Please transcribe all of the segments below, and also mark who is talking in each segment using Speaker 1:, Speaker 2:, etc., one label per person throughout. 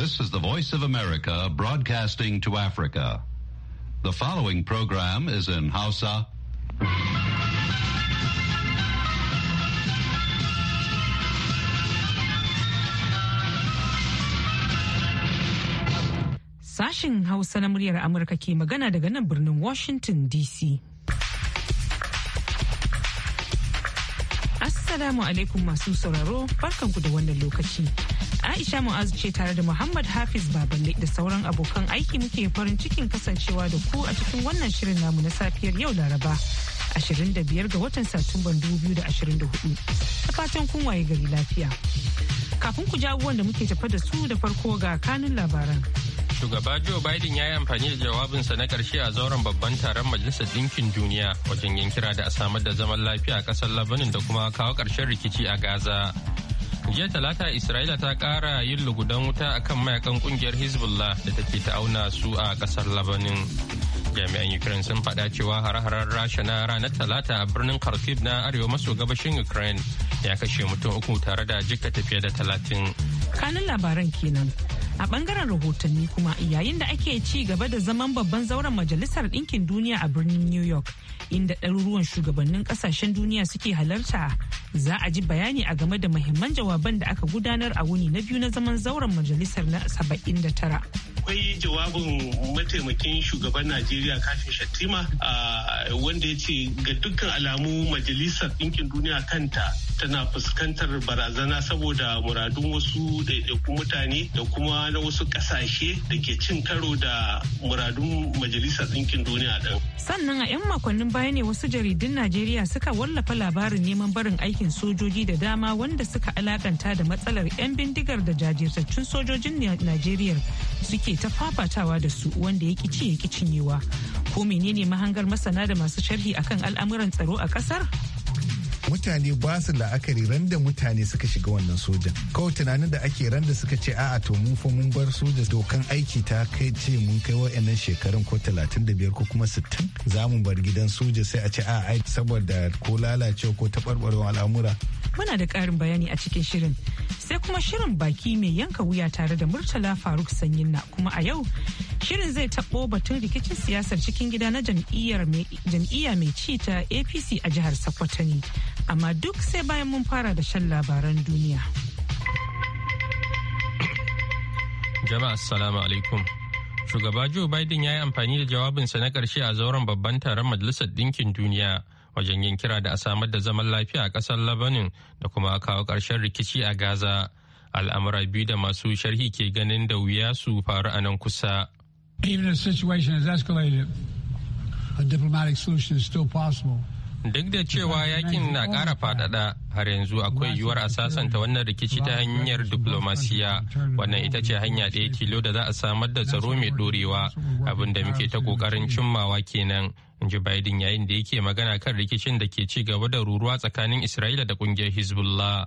Speaker 1: This is the Voice of America broadcasting to Africa. The following program is in Hausa. Sashin Hausa na muryar Amurka ke magana daga nan birnin Washington DC. Assalamu alaikum masu sauraro, barkanku da wannan lokaci. Aisha Mu'azu ce tare da Muhammad Hafiz Baballe da sauran abokan aiki muke farin cikin kasancewa da ku a cikin wannan shirin namu na safiyar yau Laraba 25 ga watan Satumban 2024. ta fatan kun waye gari lafiya. Kafin ku ja abubuwan da muke tafa da su da farko ga kanun labaran.
Speaker 2: Shugaba Joe Biden ya yi amfani da jawabinsa na karshe a zauren babban taron Majalisar Dinkin Duniya wajen yin kira da a samar da zaman lafiya a ƙasar Labanin da kuma kawo ƙarshen rikici a Gaza. jiya talata isra'ila ta kara yin lugudan wuta akan mayakan kungiyar hezbollah da take auna su a kasar labanin jami'an ukraine sun fada cewa hare-haren rasha na ranar talata a birnin kharkiv na arewa maso gabashin ukraine ya kashe mutum uku tare da jikkata tafiya da talatin
Speaker 1: kanin labaran kenan a bangaren rahotanni kuma yayin da ake ci gaba da zaman babban zauren majalisar ɗinkin duniya a birnin new york inda ɗaruruwan shugabannin ƙasashen duniya suke halarta za a ji bayani a game da mahimman jawaban da aka gudanar a wuni na biyu na zaman zauren majalisar na 79.
Speaker 3: akwai jawabin mataimakin shugaban najeriya kafin shatima wanda ya ce ga dukkan alamu majalisar ɗinkin duniya kanta tana fuskantar barazana saboda muradun wasu ɗaiɗaikun mutane da kuma na wasu ƙasashe da ke cin karo da muradun majalisar ɗinkin duniya ɗin.
Speaker 1: sannan a 'yan makonnin baya ne wasu jaridun najeriya suka wallafa labarin neman barin aiki aikin sojoji da dama wanda suka alakanta da matsalar 'yan bindigar da jajirtattun sojojin Najeriya suke ta fafatawa da su wanda ya ci ya cinyewa. Ko menene mahangar masana da masu sharhi akan al'amuran tsaro a ƙasar?
Speaker 4: mutane ba su la'akari randa mutane suka shiga wannan sojan kawai tunanin da ake randa suka ce a'a to mun fa mun bar soja dokan aiki ta kai ce mun kai wa'annan shekarun ko talatin da biyar ko kuma 60 za mu bar gidan soja sai a ce a'a saboda ko lalacewa ko taɓarɓarewar al'amura
Speaker 1: muna da ƙarin bayani a cikin shirin sai kuma shirin baki mai yanka wuya tare da murtala faruk sanyin na kuma a yau shirin zai taɓo batun rikicin siyasar cikin gida na jam'iyya mai ci ta apc a jihar sokoto ne amma duk sai bayan mun fara da shan labaran duniya.
Speaker 2: Jama'a assalamu alaikum. Shugaba Joe Biden ya yi amfani da jawabinsa na ƙarshe a zauren babban taron Majalisar Ɗinkin Duniya wajen yin kira da a samar da zaman lafiya a ƙasar Lebanon da kuma kawo ƙarshen rikici a Gaza. Al'amura biyu da masu sharhi ke ganin da wuya su faru a nan kusa. Even if the situation has escalated, a diplomatic solution is still possible. Duk da cewa yakin na kara faɗaɗa har yanzu akwai yiwuwar a sasanta wannan rikici ta hanyar diplomasiya wannan ita ce hanya ɗaya tilo da za a samar da tsaro mai ɗorewa abin da muke ta kokarin cimmawa kenan. in ji Biden yayin da yake magana kan rikicin da ke ci gaba da ruruwa tsakanin Isra'ila da kungiyar Hezbollah.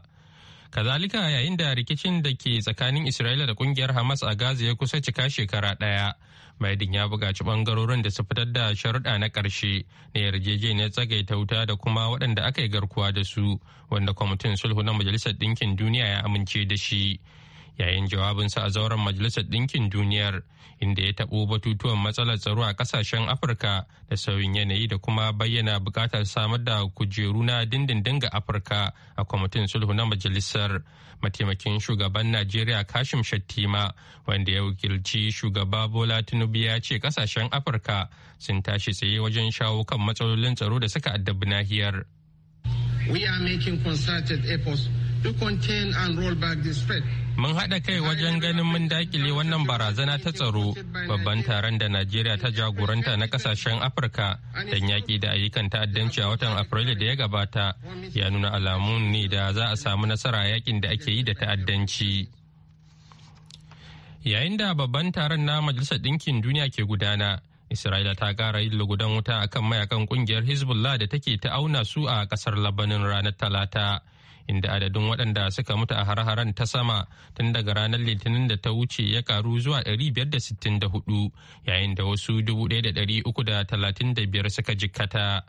Speaker 2: Kazalika yayin da rikicin da ke tsakanin Isra'ila da kungiyar Hamas a Gaza ya kusa cika shekara ɗaya. Biden ya buƙaci ɓangarorin da su fitar da sharuɗa na ƙarshe na yarjejeniyar tsagaita wuta da kuma waɗanda aka yi garkuwa da su wanda kwamitin sulhu na Majalisar Ɗinkin Duniya ya amince da shi. yayin jawabinsa a zauren majalisar ɗinkin duniyar inda ya taɓo batutuwan matsalar tsaro a ƙasashen afirka da sauyin yanayi da kuma bayyana buƙatar samar da kujeru na dindindin ga afirka a kwamitin sulhu na majalisar mataimakin shugaban najeriya kashim shattima wanda ya wakilci shugaba bola tinubu ya ce ƙasashen afirka sun tashi tsaye wajen shawo kan matsalolin tsaro da suka addabi nahiyar.
Speaker 5: We are making concerted efforts to contain and
Speaker 6: roll back this threat.
Speaker 2: Mun haɗa kai wajen ganin mun dakile wannan barazana ta tsaro babban taron da Najeriya ta jagoranta na ƙasashen Afirka don yaƙi da ayyukan ta'addanci a watan Afrilu da ya gabata ya nuna alamun ne da za a samu nasara yakin da ake yi da ta'addanci. Yayin da babban taron na Majalisar Ɗinkin Duniya ke gudana, Isra'ila ta ƙara yin lugudan wuta akan mayakan ƙungiyar Hezbollah da take ta auna su a ƙasar Labanin ranar Talata. inda adadin waɗanda suka mutu a har-haren ta sama tun daga ranar litinin da ta wuce ya karu zuwa 564 yayin da wasu 1,335 suka jikkata.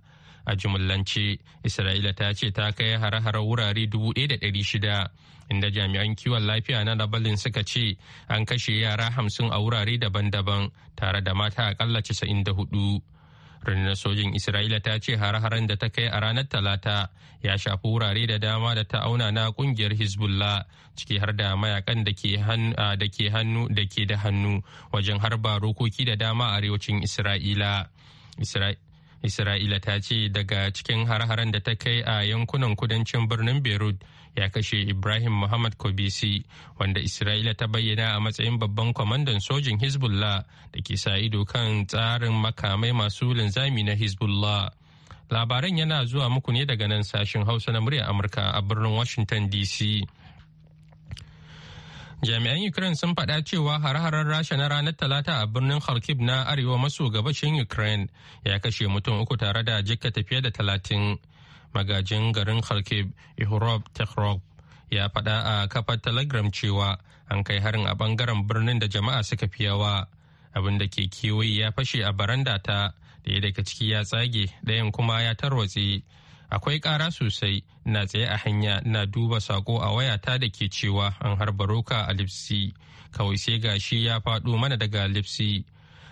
Speaker 2: a jimillance isra'ila ta ce ta kai hare-hare wurare 1,600 inda jami'an kiwon lafiya na labalin suka ce an kashe yara hamsin a wurare daban-daban tare da mata akalla 94 rundunar sojin isra'ila ta ce har-haren da ta kai a ranar talata ya shafi wurare da dama da ta auna na kungiyar hezbollah ciki har da mayakan da ke hannu da ke da hannu wajen harba rokoki da dama a arewacin isra'ila Isra'ila ta ce daga cikin har-haren da ta kai a yankunan kudancin birnin Beirut ya kashe Ibrahim Muhammad Kobisi wanda Isra'ila ta bayyana a matsayin babban kwamandan sojin Hezbollah da ke sa ido kan tsarin makamai masu linzami na Hezbollah. Labaran yana zuwa muku ne daga nan sashen Hausa na murya Amurka a birnin Washington DC. Jami'an Ukraine sun faɗa cewa har-harar Rasha na ranar Talata a birnin Kharkiv na arewa maso gabashin Ukraine ya kashe mutum uku tare da jikkata fiye da talatin. Magajin garin Kharkiv, Ihrob Tekhrov, ya faɗa a kafar Telegram cewa an kai harin a ɓangaren birnin da jama'a suka fi yawa. Abin da ke kewaye ya fashe a baranda ta, da daga ciki ya tsage, ɗayan kuma ya tarwatse. akwai ƙara sosai na tsaye a hanya na duba sako a wayata da ke cewa an harba roka a lipsi kawai sai gashi ya faɗo mana daga lipsi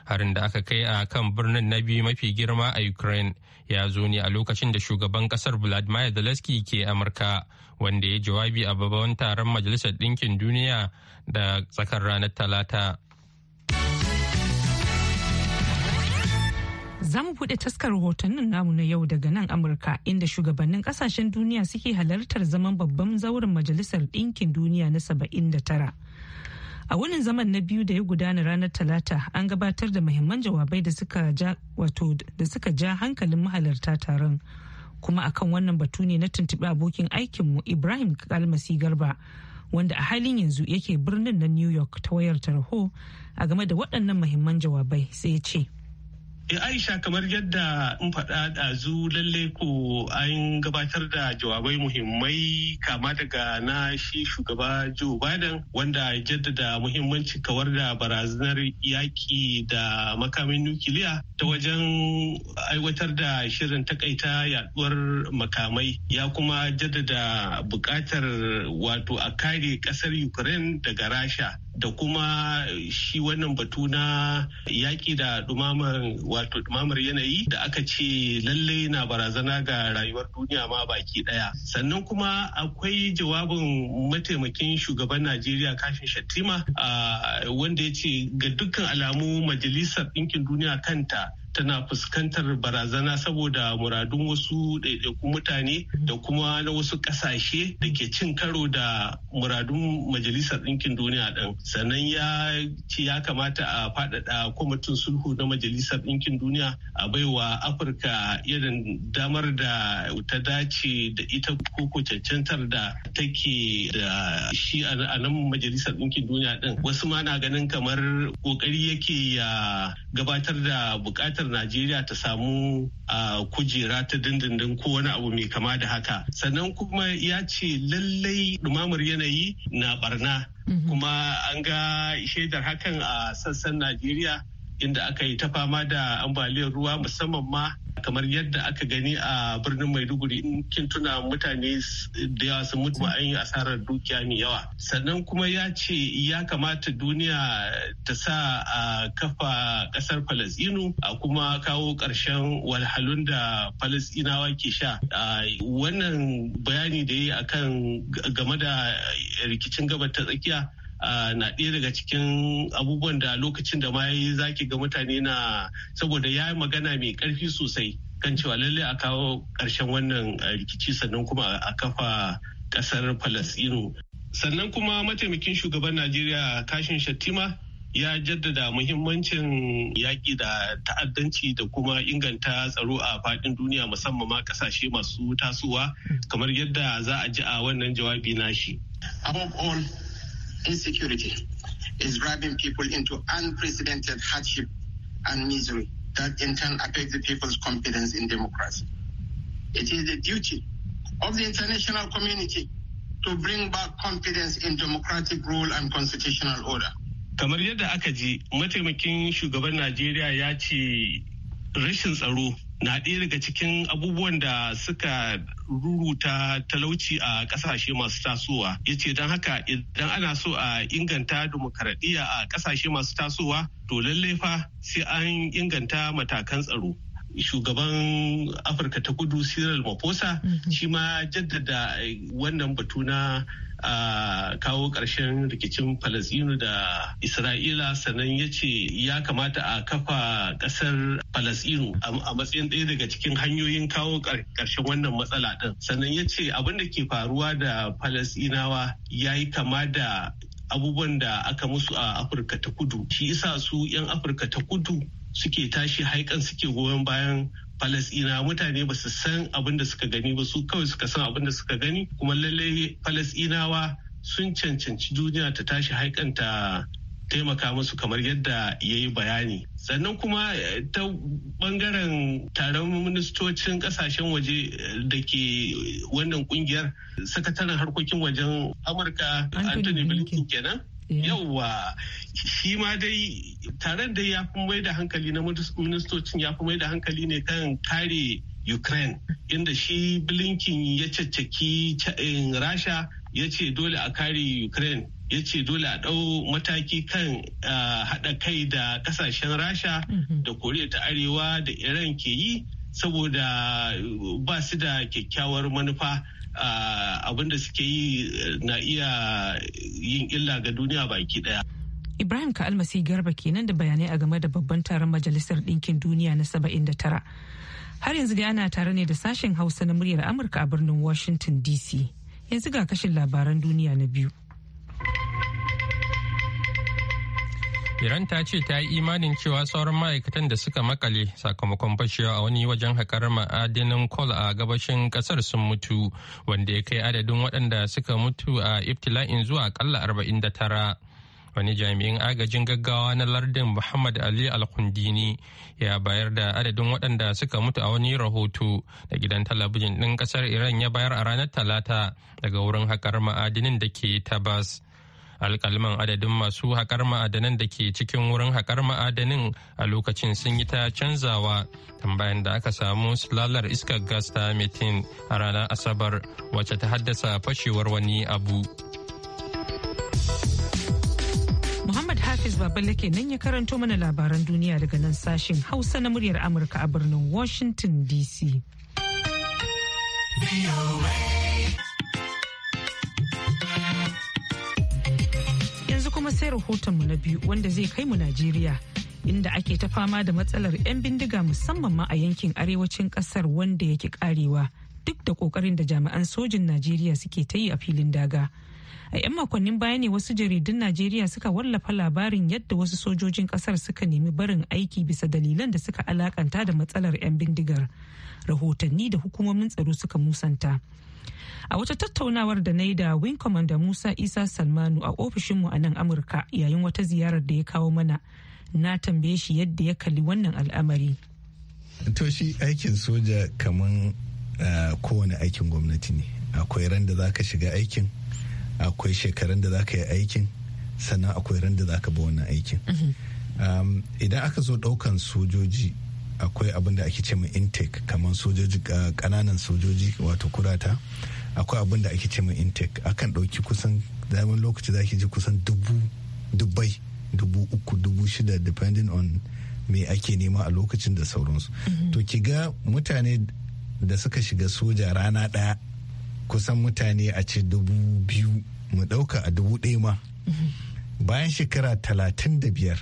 Speaker 2: harin da aka kai a kan birnin na biyu mafi girma a ukraine ya zo ne a lokacin da shugaban kasar vladimir zelensky ke amurka wanda ya jawabi a babban taron majalisar ɗinkin duniya da tsakar ranar talata
Speaker 1: Za mu buɗe taskar rahotannin namu na yau daga nan Amurka inda shugabannin kasashen duniya suke halartar zaman babban Zaurin Majalisar Ɗinkin Duniya na 79. A wannan zaman na biyu da ya gudana ranar Talata an gabatar da muhimman jawabai da suka ja da suka ja hankalin mahalarta taron. Kuma akan wannan batu ne na tuntuɓi abokin aikinmu Ibrahim Kalmasi Garba. wanda a halin yanzu yake birnin na New York ta wayar tarho a game da waɗannan muhimman jawabai sai ya ce.
Speaker 3: Eh, Aisha kamar yadda in faɗa ɗazu lalle ko an gabatar da jawabai muhimmai kama daga na shi shugaba Joe Biden wanda jaddada muhimmanci kawar da barazanar yaƙi da makamin nukiliya ta wajen aiwatar da shirin takaita yaduwar makamai ya kuma jaddada buƙatar wato a kare ƙasar Ukraine daga Rasha. da kuma shi wannan batu na yaƙi da dumamar wato yanayi da aka ce lalle na barazana ga rayuwar duniya ma baki ɗaya sannan kuma akwai jawabin mataimakin shugaban najeriya kafin shattima wanda ya ce ga dukkan alamu majalisar ɗinkin duniya kanta tana fuskantar barazana saboda muradun wasu ɗaiɗaikun mutane da kuma na wasu ƙasashe da ke cin karo da muradun majalisar ɗinkin duniya ɗin sannan ya ce ya kamata a faɗaɗa kwamitin sulhu na majalisar ɗinkin duniya a baiwa afirka irin damar da ta dace da ita ko cancantar da take da shi a nan majalisar ɗinkin duniya ɗin wasu ma na ganin kamar ƙoƙari yake ya gabatar da buƙatar buƙatar najeriya ta samu kujera ta dindindin ko wani abu mai kama da haka sannan kuma ya ce lallai ɗumamar yanayi na barna mhm. kuma an ga shaidar hakan a sassan najeriya inda aka yi ta fama da ambaliyar ruwa musamman ma kamar yadda aka gani a birnin maiduguri in kin tuna mutane da yawa sun mutu an yi asarar dukiya mai yawa sannan kuma ya ce ya kamata duniya ta sa a kafa kasar falastinu a kuma kawo ƙarshen walhalun da falasinawa ke sha wannan bayani da yi akan game da rikicin gabar ta tsakiya na ɗaya daga cikin abubuwan da lokacin da ma yi zaki ga mutane na saboda ya yi magana mai ƙarfi sosai kan cewa lallai a kawo ƙarshen wannan rikici sannan kuma a kafa ƙasar falasino Sannan kuma mataimakin shugaban Najeriya Kashin Shattima ya jaddada muhimmancin yaƙi da ta'addanci da kuma inganta tsaro a faɗin duniya musamman ma ƙasashe masu tasowa kamar yadda za a ji a wannan jawabi nashi. Above
Speaker 6: all, insecurity is driving people into unprecedented hardship and misery that in turn affects the people's confidence in democracy. It is the duty of the international community to bring back confidence
Speaker 2: in democratic rule and constitutional order.
Speaker 3: Kamar yadda aka ji mataimakin shugaban Najeriya ya ce rashin tsaro na ɗaya daga cikin abubuwan da suka ruruta talauci a ƙasashe masu tasowa ya ce don haka idan ana so a inganta dimokuraɗiyya a ƙasashe masu tasowa to lallai fa sai an inganta matakan tsaro shugaban afirka ta kudu cyril maposa mm-hmm. shi ma jaddada wannan batu na a kawo ƙarshen rikicin falasɗinu da isra'ila sannan ya ce ya kamata a kafa ƙasar falasɗinu a matsayin ɗaya daga cikin hanyoyin kawo ƙarshen wannan matsala ɗin sannan ya ce abin da ke faruwa da falasɗinawa ya yi kama da abubuwan da aka musu a afirka ta kudu shi isa su 'yan afirka ta kudu suke tashi haikan suke goyon bayan falasina mutane ba su san abin da suka gani ba su kawai suka san abin da suka gani kuma lallai falasinawa sun cancanci duniya ta tashi haikan ta taimaka musu kamar yadda ya yi bayani sannan kuma eh, ta bangaren taron ministocin kasashen waje eh, da ke wannan kungiyar sakataren harkokin wajen amurka anthony blinken kenan yauwa shi ma dai taron dai ya fi mai da hankali na ministocin ya fi mai da hankali ne kan kare ukraine inda shi blinken ya caccaki eh, rasha ya ce dole a kare ukraine ya ce dole a ɗau mataki kan haɗa kai da ƙasashen rasha mm-hmm. da koriya ta arewa da iran ke yi saboda ba su da kyakkyawar manufa abin da suke yi eh, na iya yin illa ga duniya baki daya.
Speaker 1: Ibrahim ka almasi garba kenan da bayanai a game da babban taron majalisar ɗinkin duniya na 79. Har yanzu dai ana tare ne da sashen Hausa na muryar Amurka a birnin Washington DC. Yanzu ga kashin labaran duniya na biyu.
Speaker 2: Iran ta ce ta yi imanin cewa sauran ma'aikatan da suka makale sakamakon fashewa a wani wajen haƙar ma'adinin kol a gabashin ƙasar sun mutu wanda ya kai adadin waɗanda suka mutu a iftila'in zuwa aƙalla tara Wani jami'in agajin gaggawa na lardin Muhammad Ali Alkundini ya bayar da adadin waɗanda suka mutu a wani rahoto da gidan talabijin ɗin ƙasar Iran ya bayar a ranar Talata daga wurin haƙar ma'adinin da ke Tabas. alkalman adadin masu haƙar ma'adanan da ke cikin wurin haƙar ma'adanin a lokacin sun yi ta canzawa tambayan da aka samu silalar iskar gas ta metin a ranar asabar wacce ta haddasa fashewar wani abu
Speaker 1: muhammad hafiz babalake nan ya karanto mana labaran duniya daga nan sashen hausa na muryar amurka a birnin washington dc sai rahotonmu na biyu wanda zai kai mu Najeriya. Inda ake ta fama da matsalar 'yan bindiga musamman ma a yankin arewacin kasar wanda yake karewa duk da kokarin da jami'an sojin Najeriya suke ta yi a filin daga. a 'yan makonnin baya ne wasu jaridun najeriya suka wallafa labarin yadda wasu sojojin kasar suka nemi barin aiki bisa dalilan da suka alakanta da matsalar 'yan bindigar rahotanni da hukumomin tsaro suka musanta a wata tattaunawar da na yi da wing commander musa isa salmanu a ofishinmu a nan amurka yayin wata ziyarar da ya kawo mana na tambaye shi yadda ya kalli wannan al'amari
Speaker 4: to shi aikin soja kaman eh, kowane aikin gwamnati ne akwai ran da za ka shiga aikin akwai shekarun da za ka yi aikin sannan akwai ran da za ka bi wannan aikin um, idan aka zo ɗaukan sojoji akwai abin da ake ce mai intake kamar sojoji kananan sojoji wato kurata akwai abin da ake ce mai intake akan ɗauki kusan zaman lokaci za ki ji kusan dubu dubai dubu uku dubu shida depending on me ake nema a lokacin da sauransu mm-hmm. to ki ga mutane da suka shiga soja rana ɗaya kusan mutane a ce dubu biyu mu ɗauka a dubu ɗaya ma bayan shekara talatin da biyar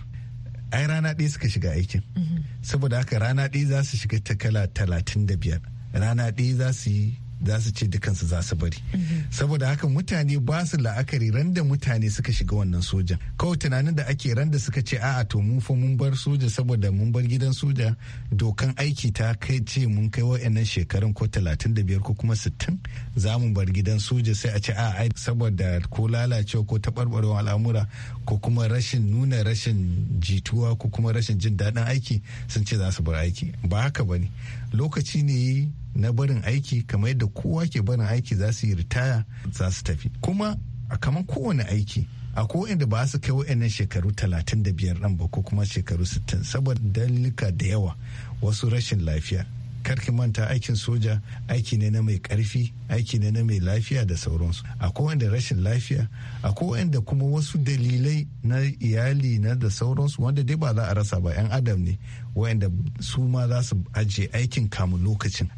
Speaker 4: ai rana ɗaya suka shiga aikin mhm. saboda haka rana ɗaya za su shiga takala talatin da biyar rana ɗaya za su yi za su ce dukansu za su bari mhm. saboda haka mutane ba su la'akari randa mutane suka shiga wannan soja kawai tunanin da ake randa suka ce a'a to mun fa mun bar soja saboda mun bar gidan soja dokan aiki ta kai ce mun kai wa'annan shekarun ko talatin da biyar ko kuma sittin za mu bar gidan soja sai a ce a'a saboda ko lalacewa ko taɓarɓarewa al'amura ko kuma rashin nuna rashin jituwa ko kuma rashin jin daɗin aiki sun ce za su bar aiki ba haka ba ne lokaci ne na barin aiki kamar yadda kowa ke barin aiki za su yi ritaya za su tafi kuma a kamar kowane aiki a inda ba su kai wa'annan shekaru talatin 35 ɗan ba ko kuma shekaru sittin saboda dalilika da yawa wasu rashin lafiya karki manta aikin soja aiki ne na mai karfi aiki ne na mai lafiya da sauransu akwai wanda rashin lafiya akwai wanda kuma wasu dalilai na iyali na da sauransu wanda dai ba za a rasa ba yan adam ne wanda su ma za su ajiye aikin kamun lokacin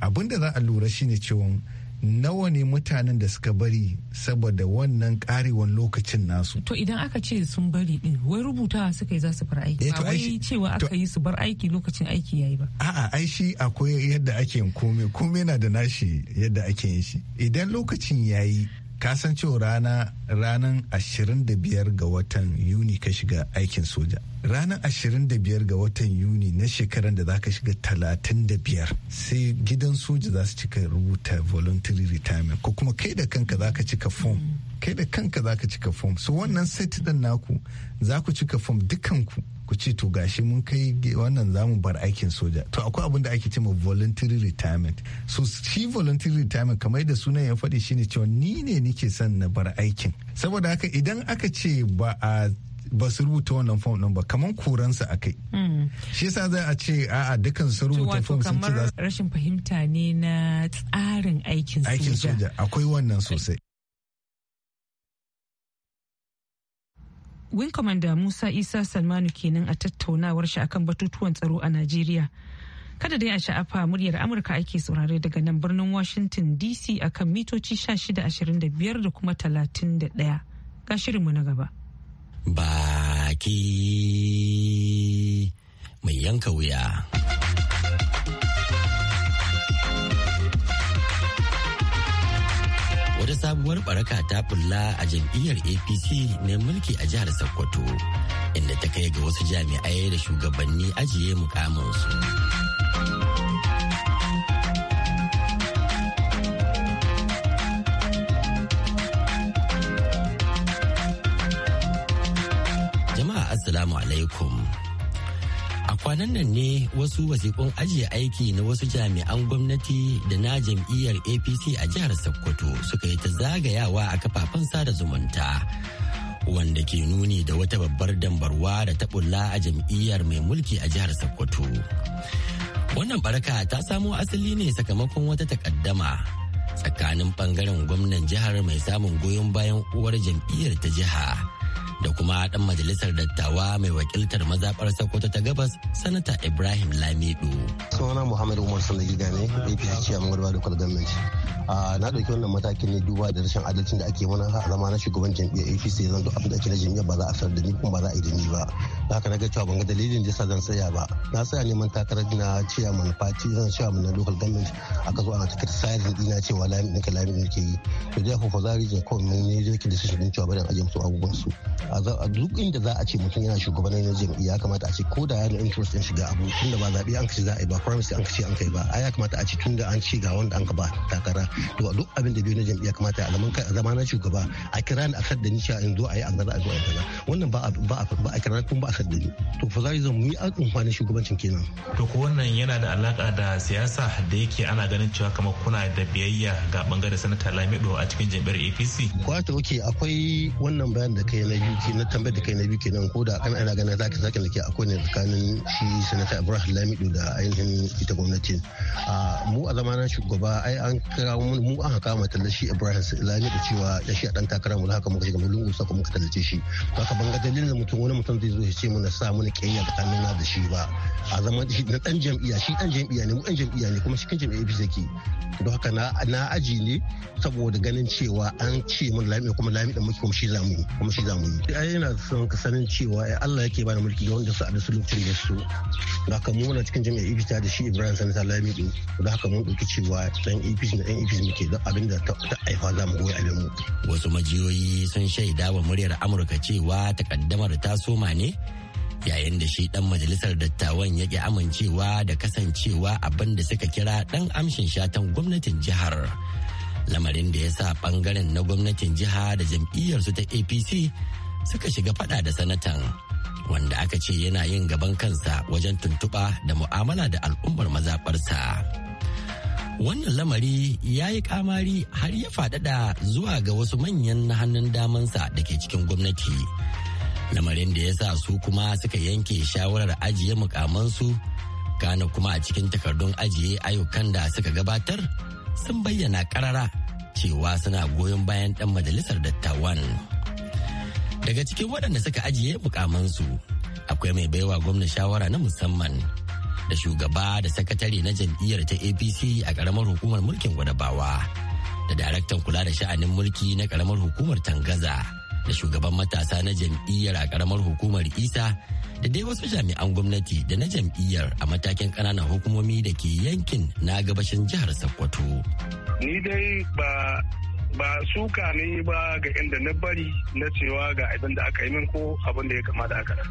Speaker 4: abin da za a lura shine cewa nawa ne mutanen da suka bari saboda wannan karewan lokacin nasu
Speaker 1: to idan aka ce sun bari din wai rubutawa suka yi za su bar aiki eh, ba wai cewa aka yi su bar aiki lokacin aiki yayi ba
Speaker 4: a'a ai shi akwai yadda ake yin komai komai na da nashi yadda ake yin shi idan lokacin yayi kasan cewa rana ranar 25 ga watan yuni ka shiga aikin soja ranar 25 ga watan yuni na shekaran da za ka shiga 35 sai gidan soja za su cika rubuta voluntary retirement ko kuma kai da kanka za ka cika form mm. kai da kanka za ka cika form so wannan set din naku za ku cika form dukanku ku ce to gashi mun kai wannan zamu bar aikin soja to akwai abin da ake ce ma voluntary retirement so shi voluntary retirement kamar da sunan ya faɗi shine cewa ni ne nike son na bar aikin saboda haka idan aka ce ba a ba su rubuta wannan fom din ba kamar koransa a kai. Hmm. Shi yasa za a ce a'a dukkan su rubuta fom sun ce za su.
Speaker 1: rashin fahimta ne na tsarin Aikin soja
Speaker 4: akwai wannan sosai.
Speaker 1: Wing Commander Musa Isa Salmanu kenan a tattaunawar shi akan batutuwan tsaro a Najeriya. Kada dai a sha'afa muryar Amurka ake saurare daga nan birnin Washington DC akan mitoci 1625 da kuma 31. Ga shirinmu na gaba.
Speaker 7: Baki mai yanka wuya. wata sabuwar baraka ta kula a jam'iyyar apc mai mulki a jihar sokoto inda ta kai ga wasu jami'ai da shugabanni ajiye mukaminsu jama'a assalamu alaikum kwanan nan ne wasu wasiƙun ajiye aiki na wasu jami'an gwamnati da na jam'iyyar apc a jihar sokoto suka yi ta zagayawa a kafafen sada zumunta wanda ke nuni da wata babbar dambarwa da taɓulla a jam'iyyar mai mulki a jihar sokoto wannan baraka ta samo asali ne sakamakon wata takaddama tsakanin bangaren gwamnan jihar mai samun goyon bayan uwar jam'iyyar ta jiha da kuma ɗan majalisar dattawa mai wakiltar mazaɓar Sokoto ta gabas sanata Ibrahim Lamido.
Speaker 8: Sunana Muhammad Umar Sandagiga gane APC a Mangwarwa Local Government. Na ɗauki wannan matakin ne duba da rashin adalcin da ake mana a zama na shugaban jam'iyyar APC zan zanto abin da ake na jami'a ba za a fara da ni kuma ba za a yi da ni ba. Haka na ga cewa ban ga dalilin da zan tsaya ba. Na tsaya neman takarar na ciya mana fati zan ciya mana local government aka zo ana ta da dina cewa lamin ɗinka lamin ke yi. To dai ko fa zari je ko mun ne je ki decision din cewa bari a ajiye su abubuwan su. a duk inda za a ce mutum yana shugabannin na jam'iyya ya kamata a ce ko da yana interest in shiga abu tunda ba zaɓe an kace za a yi ba promise an kace an kai ba ai ya kamata a ce tunda an ce ga wanda an ka ba takara to duk abin da biyu na jam'iyya kamata a zaman a zama na shugaba a kira ni a sadda ni cewa in zo a yi an gaza a zo a kaza wannan ba a kira kuma ba a sadda ni to fa za zan yi amfani shugabancin kenan.
Speaker 5: to ko wannan yana da alaka da siyasa da yake ana ganin cewa kamar kuna da biyayya ga bangaren sanata lamido a cikin jam'iyyar apc.
Speaker 8: ta oke akwai wannan bayan da kai na biyu ce na tambayar da kai na biyu kenan ko da kan ana ganin zaka sake ke akwai ne tsakanin shi sanata Ibrahim Lamido da ainihin ita gwamnati mu a zamanin shugaba ai an kira mu an haka mata shi Ibrahim Lamido cewa ya shi a dan takara mu haka muka shiga mu lungu sako muka tallace shi to haka banga dalilin mutum wani mutum zai zo ya ce na sa muna kiyaye tsakanin na da shi ba a zaman shi na dan jam'iyya shi dan jam'iyya ne mu dan jam'iyya ne kuma shi kan jam'iyya bisa zaki don haka na na aji ne saboda ganin cewa an ce mun Lamido kuma Lamido muke kuma shi zamu kuma shi zamu yi ai yana son ka sanin cewa Allah yake bani mulki ga wanda su a su lokacin da su da haka mu muna cikin jami'ar ibita da shi Ibrahim Sanata Lamido da haka mun ɗauki cewa ɗan ibis na ɗan ibis muke da abin da ta aifa za mu goya abin mu. Wasu majiyoyi sun
Speaker 7: shaida wa muryar Amurka cewa takaddamar ta soma ne yayin da shi dan majalisar dattawan ya ki amincewa da kasancewa abin da suka kira dan amshin shatan gwamnatin jihar. lamarin da ya sa bangaren na gwamnatin jiha da jam'iyyarsu ta apc suka shiga fada da sanatan wanda aka ce yana yin gaban kansa wajen tuntuɓa da mu'amala da al'ummar mazaɓarsa. Wannan lamari ya yi kamari har ya faɗaɗa zuwa ga wasu manyan na hannun damansa da ke cikin gwamnati. Lamarin da ya sa su kuma suka yanke shawarar ajiye mukamansu kana kuma a cikin takardun ajiye ayyukan da suka gabatar sun bayyana karara cewa suna goyon bayan ɗan majalisar dattawan. daga cikin waɗanda suka ajiye mukamansu akwai mai baiwa gwamna shawara na musamman da shugaba da sakatare na jam'iyyar ta apc a ƙaramar hukumar mulkin gwadabawa da daraktan kula da sha'anin mulki na ƙaramar hukumar tangaza da shugaban matasa na jam'iyyar a ƙaramar hukumar isa da dai wasu jami'an gwamnati da na jam'iyyar a matakin ƙananan hukumomi da ke yankin na gabashin jihar sokoto
Speaker 6: ni dai ba ba su ne ba ga inda na bari na cewa ga abin da aka yi min ko abin da ya kamata aka da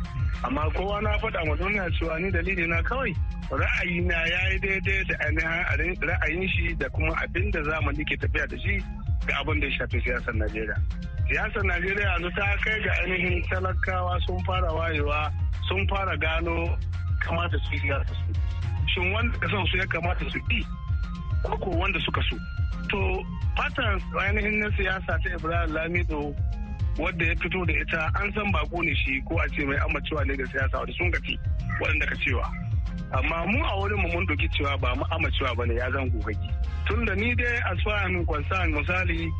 Speaker 6: amma kowa na faɗa ma duniya cewa ni dalili na kawai ra'ayi na ya yi daidai da ainihin ra'ayin shi da kuma abin da zamani ke tafiya da shi ga abin da ya shafi siyasar najeriya siyasar najeriya yanzu ta kai ga ainihin talakawa sun fara wayewa sun fara gano kamata su yi siyasa su shin wanda ka san su ya kamata su yi. ko wanda suka so to fatan ainihin na siyasa ta ibrahim lamido wadda ya fito da ita an san bako ne shi ko a ce mai amincewa ne da siyasa wadda sun gaci waɗanda ka cewa amma mu a wurin mun doki cewa ba mu ba ne ya zan gogaggi tun da ni dai a far min misali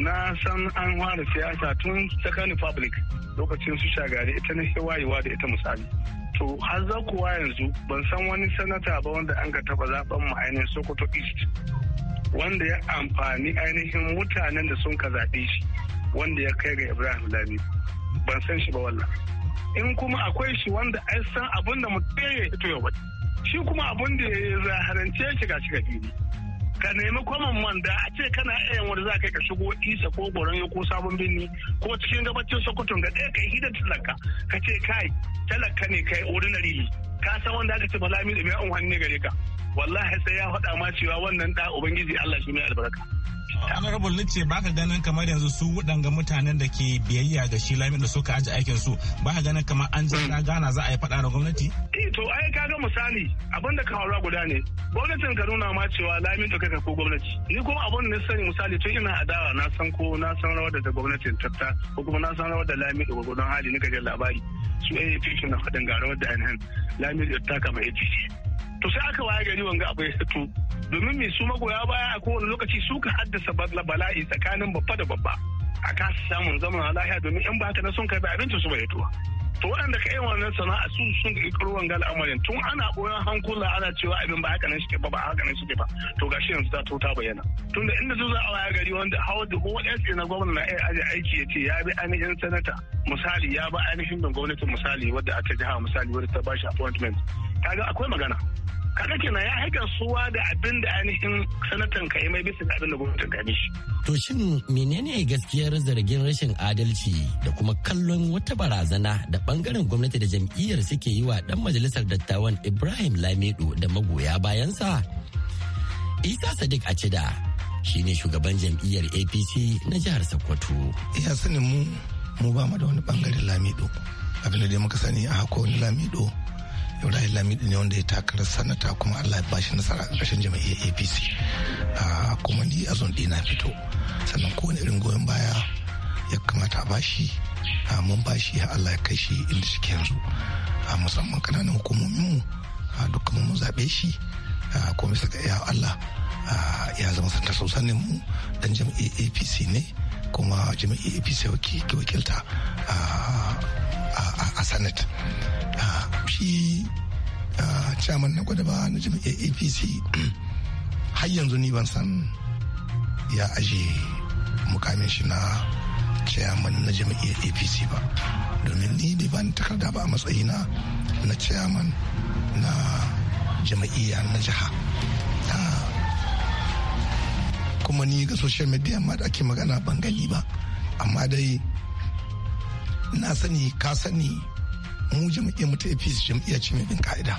Speaker 6: na san an fara siyasa tun tsakanin republic lokacin su shagari ita na wayewa da ita misali to har za kuwa yanzu ban san wani sanata ba wanda an ka taba zaben mu ainihin sokoto east wanda ya amfani ainihin mutanen da sun ka zaɓe shi wanda ya kai ga ibrahim lami ban san shi ba wallah in kuma akwai shi wanda ai san abin da mutum ya fito ya shi kuma abin da ya zaharance shi ga shi ga fili ka nemi kwamon man da a ce kana irin wani za ka ka shigo isa ko goron ko sabon birni ko cikin gabacin sokoton ga ɗaya kai hidar talaka ka ce kai talaka ne kai ordinary ne ka san wanda aka ce balami da mai an hannu gare ka wallahi sai ya faɗa ma cewa wannan da ubangiji
Speaker 5: Allah shi mai albarka honorable ni ce baka ganin kamar yanzu su waɗanga mutanen da ke biyayya ga shi lamin da suka aji aikin su ba ka ganin kamar an je gana za a yi faɗa da gwamnati
Speaker 6: eh, to ai ka ga misali abin da ka haura guda ne gwamnatin ka nuna ma cewa lamin da kai ko gwamnati ni kuma abin da na sani misali tun ina adawa na san ko na san rawar da gwamnatin tatta ko kuma na san rawar da lamin da gwamnatin hali ka ji labari su AAP suna faɗin ga rawar da ainihin lamin da ta kama APC to sai aka waye gari wanga abu ya fito domin mai su magoya baya a kowane lokaci suka haddasa bala'i tsakanin babba da babba a kasa samun zaman lafiya domin in baka na sun karbi abincin su bai tuwa to waɗanda ka yi wannan sana'a su sun ga ƙirwan al'amarin tun ana ɓoyon hankula ana cewa abin ba haka nan ba ba haka nan suke ba to gashi yanzu ta to ta bayyana tun da inda za a waya gari wanda hawa da tsaye na gwamna na iya aiki ya ce ya bi ainihin sanata misali ya ba ainihin gwamnatin misali wadda aka jiha misali wadda ta bashi appointment ga akwai magana kaga kenan ya haƙa suwa da abin da ainihin sanatan ka yi mai bisa da abin da gwamnatin ka mishi.
Speaker 7: To shin menene gaskiyar zargin rashin adalci da kuma kallon wata barazana da bangaren gwamnati da jam'iyyar suke yi wa dan majalisar dattawan Ibrahim Lamido da magoya bayansa? Isa Sadiq a Acida ne shugaban jam'iyyar APC na jihar Sokoto. Iya eh, sanin mu
Speaker 5: mu ba mu da wani bangaren Lamido. Abin da dai muka sani a hakon Lamido ibrahim lamidu ne wanda ya takarar sanata kuma allah ya bashi nasara a ƙarshen jam'iyyar apc kuma ni a zonɗi na fito sannan kowane irin goyon baya ya kamata a bashi mun bashi ya allah ya kai shi inda shi yanzu musamman ƙananan A dukkan mu zaɓe shi kuma bisa ga ya allah ya zama santa sosanin mu Ɗan jam'iyyar apc ne kuma jam'iyyar apc wakilta a senate shi ah, chairman na gwada ba na jami'ar apc har yanzu ni ban san ya aje mukamin shi na chairman na jami'ar apc ba domin ni bai bani takarda ba a matsayina na chairman na jam'iyya na jiha kuma ni ga social media ma da ake magana ban gani ba amma dai na sani ka sani mu jam'iyyar mu ta apc jam'iyya ce mai bin ka'ida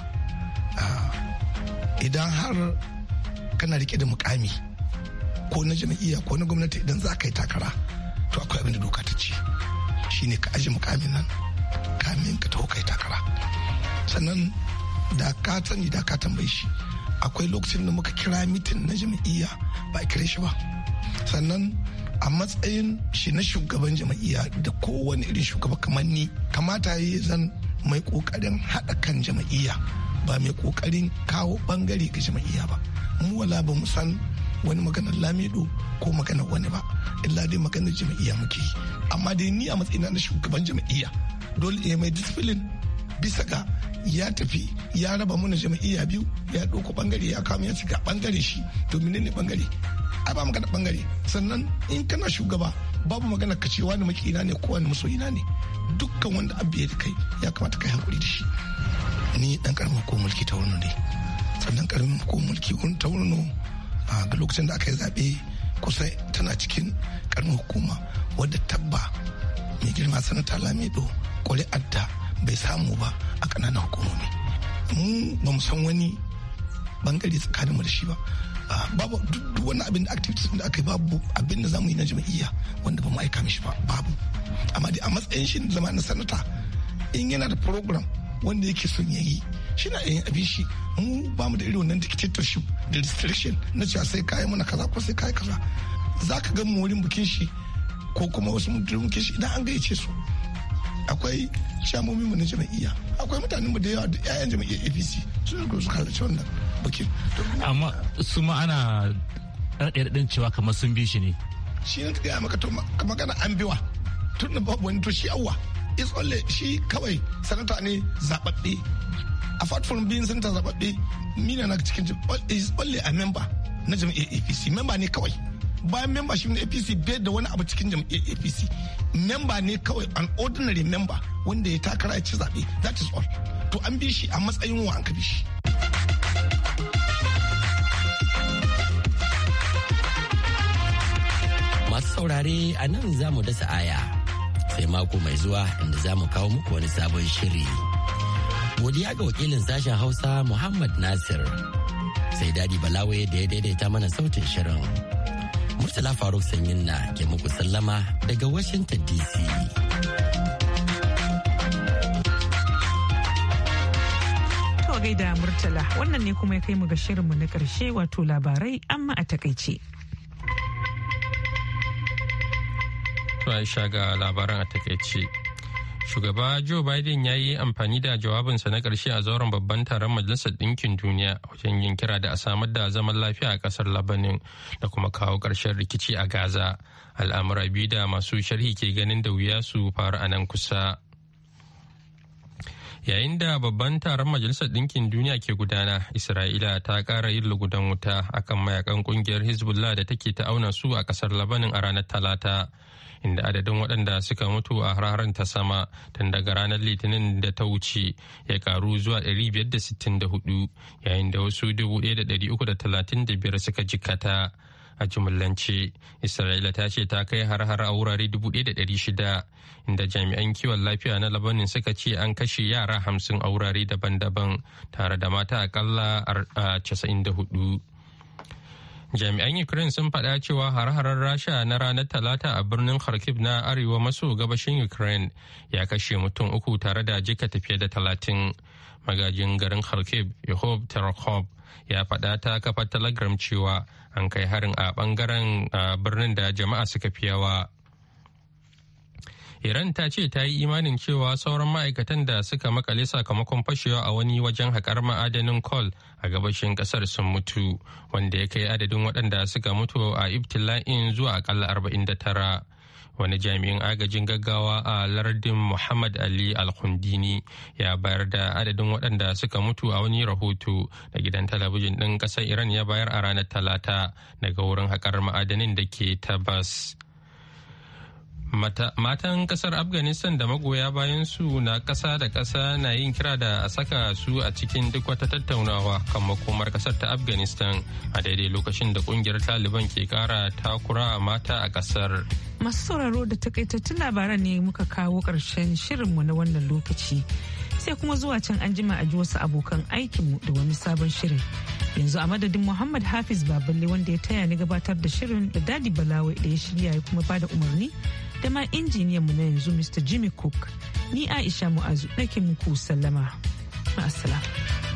Speaker 5: ah, idan har kana rike da mukami ko na jam'iyya ko na gwamnati idan za ka yi takara to akwai abin da doka ta ce shine ka aje mukamin nan kamin ka taho kai takara sannan da ka sani da ka tambaye shi akwai lokacin da muka kira mitin na jam'iyya ba a kire shi ba sannan a matsayin shi na shugaban jam'iyya da kowane irin shugaba kamar ni kamata yi zan mai kokarin haɗa kan jama'iyya ba mai kokarin kawo bangare ga jama'iyya ba mu wala ba mu san wani maganar lamido ko maganar wani ba illa dai maganar jama'iyya muke amma dai ni a matsayina na shugaban jama'iyya dole ne mai discipline bisa ga ya tafi ya raba mana jama'iyya biyu ya ɗauko bangare ya kama ya cika bangare shi to menene bangare ai ba magana bangare sannan in kana shugaba babu magana ka ce wani makina ne ko wani masoyina ne dukkan wanda abu ya kai ya kamata ka hankuri da shi ni dan karamin ko mulki ta wani ne sannan karamin ko mulki ta wani a ga lokacin da aka yi zaɓe kusa tana cikin karamin hukuma wadda tabba mai girma sanata lamido adda bai samu ba a ƙananan hukumomi mu ba mu san wani bangare tsakaninmu da shi ba Ah, babu duk wani abin da activities da aka yi babu abin da zamu yi na jam'iyya wanda ba mu aika mishi ba babu amma dai a matsayin shi zama na sanata in yana da program wanda yake son ya yi shi na yin abin shi mu ba mu da irin wannan dictatorship da restriction na cewa sai kayi mana kaza ko sai kayi kaza za ka ga mu wurin bikin shi ko kuma wasu mutum kishi idan an gayyace su akwai shamomi mu na jam'iyya akwai mutanen mu da yawa da 'ya'yan jam'iyyar apc sun zo su halarci wannan ok
Speaker 2: amma su ma ana
Speaker 1: ɗarɗarɗin
Speaker 5: cewa kamar sun bi shi ne shi ne ta maka to magana an biwa tun da babu wani to shi awwa is only shi kawai sanata ne zaɓaɓɓe apart from being sanata zaɓaɓɓe mina na cikin is only a member na jam'iyyar apc member ne kawai bayan member shi na apc bai da wani abu cikin jam'iyyar apc member ne kawai an ordinary member wanda ya takara ya ci zaɓe that is all to an bi shi a matsayin
Speaker 7: wa an ka bi shi saurare a nan za mu dasa aya sai mako mai zuwa inda za mu kawo muku wani sabon shiri. Godiya ga wakilin sashen Hausa Muhammad Nasir. Sai Dadi Balawe da ya daidaita mana sautin shirin. Murtala Faruk Sanyin na ke muku sallama daga Washington DC.
Speaker 1: gaida Murtala wannan ne kuma ya kai mu ga shirinmu na ƙarshe wato labarai amma a takaice.
Speaker 2: To Aisha ga labaran a takaice. Shugaba Joe Biden ya yi amfani da jawabinsa na ƙarshe a zauren babban taron Majalisar Ɗinkin Duniya wajen yin kira da a samar da zaman lafiya a ƙasar Labanin da kuma kawo ƙarshen rikici a Gaza. Al'amura biyu da masu sharhi ke ganin da wuya su faru a nan kusa. yayin da babban taron majalisar ɗinkin duniya ke gudana isra'ila ta ƙara yin lugudan wuta akan mayakan ƙungiyar hezbollah da take ta auna su a ƙasar labanin a ranar talata inda adadin waɗanda suka mutu a hararen ta sama tun daga ranar litinin da ta wuce ya karu zuwa 564 yayin da wasu 1,335 suka jikata a jimillance isra'ila ta ce ta kai har-har a wurare 1,600 inda jami'an kiwon lafiya na labanin suka ce an kashe yara hamsin a wurare daban-daban tare da mata akalla a 94 jami'an ukraine sun faɗa cewa har-harar rasha na ranar talata a birnin kharkiv na arewa maso gabashin ukraine ya kashe mutum uku tare da jika tafiye da talatin magajin garin kharkiv yahob terkhov ya faɗa ta kafa telegram cewa an kai harin a bangaren birnin da jama'a suka fi yawa Iran ta ce ta yi imanin cewa sauran ma'aikatan da suka makale sakamakon fashewa a wani wajen haƙar ma'adanin kol a gabashin ƙasar sun mutu, wanda ya kai adadin waɗanda suka mutu a ibtila'in zuwa aƙalla 49. Wani jami'in agajin gaggawa a lardin Muhammad Ali al ya bayar da adadin waɗanda suka mutu a wani rahoto da gidan talabijin ɗin ƙasar Iran ya bayar a ranar Talata daga wurin haƙar ma'adanin da ke Tabas. matan kasar afghanistan da magoya bayan su na kasa da kasa na yin kira da a saka su a cikin duk wata tattaunawa kan makomar kasar ta afghanistan a daidai lokacin da kungiyar taliban ke kara takura mata a kasar
Speaker 1: masu sauraro da takaitattun labaran ne muka kawo karshen shirinmu na wannan lokaci sai kuma zuwa can an jima a ji wasu abokan aikinmu da wani sabon shirin yanzu a madadin muhammad hafiz baballe wanda ya taya ni gabatar da shirin da dadi balawai da ya shirya ya kuma bada umarni da ma injiniyanmu na yanzu Mr. Jimmy Cook. Ni Aisha Mu'azu nake muku sallama. Ma'asala.